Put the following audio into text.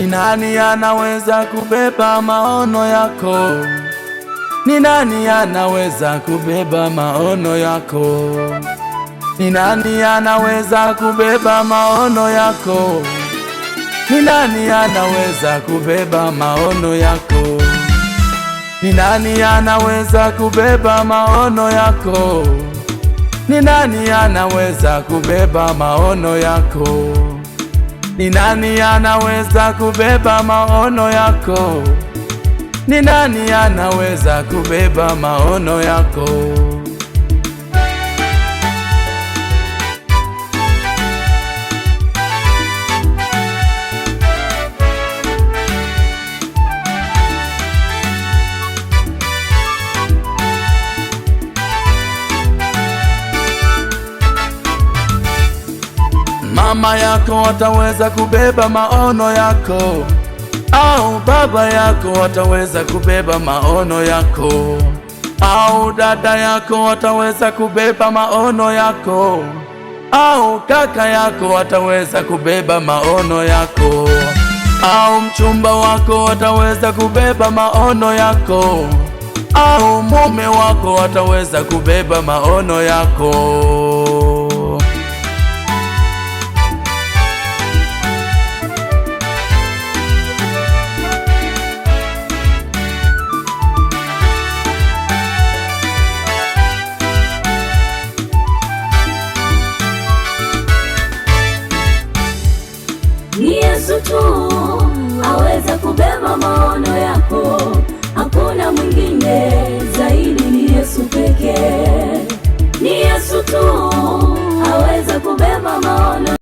Ni nani anaweza kubeba maono yako? Ni nani anaweza kubeba maono yako? Ni nani anaweza kubeba maono yako? Ni nani anaweza kubeba maono yako? Ni nani anaweza kubeba maono yako? Ni nani anaweza kubeba maono yako? Ni nani anaweza kubeba maono yako? Ni nani anaweza kubeba maono yako? Mama yako wataweza kubeba maono yako, au baba yako wataweza kubeba maono yako, au dada yako wataweza kubeba maono yako, au kaka yako wataweza kubeba maono yako, au mchumba wako wataweza kubeba maono yako, au mume wako wataweza kubeba maono yako. too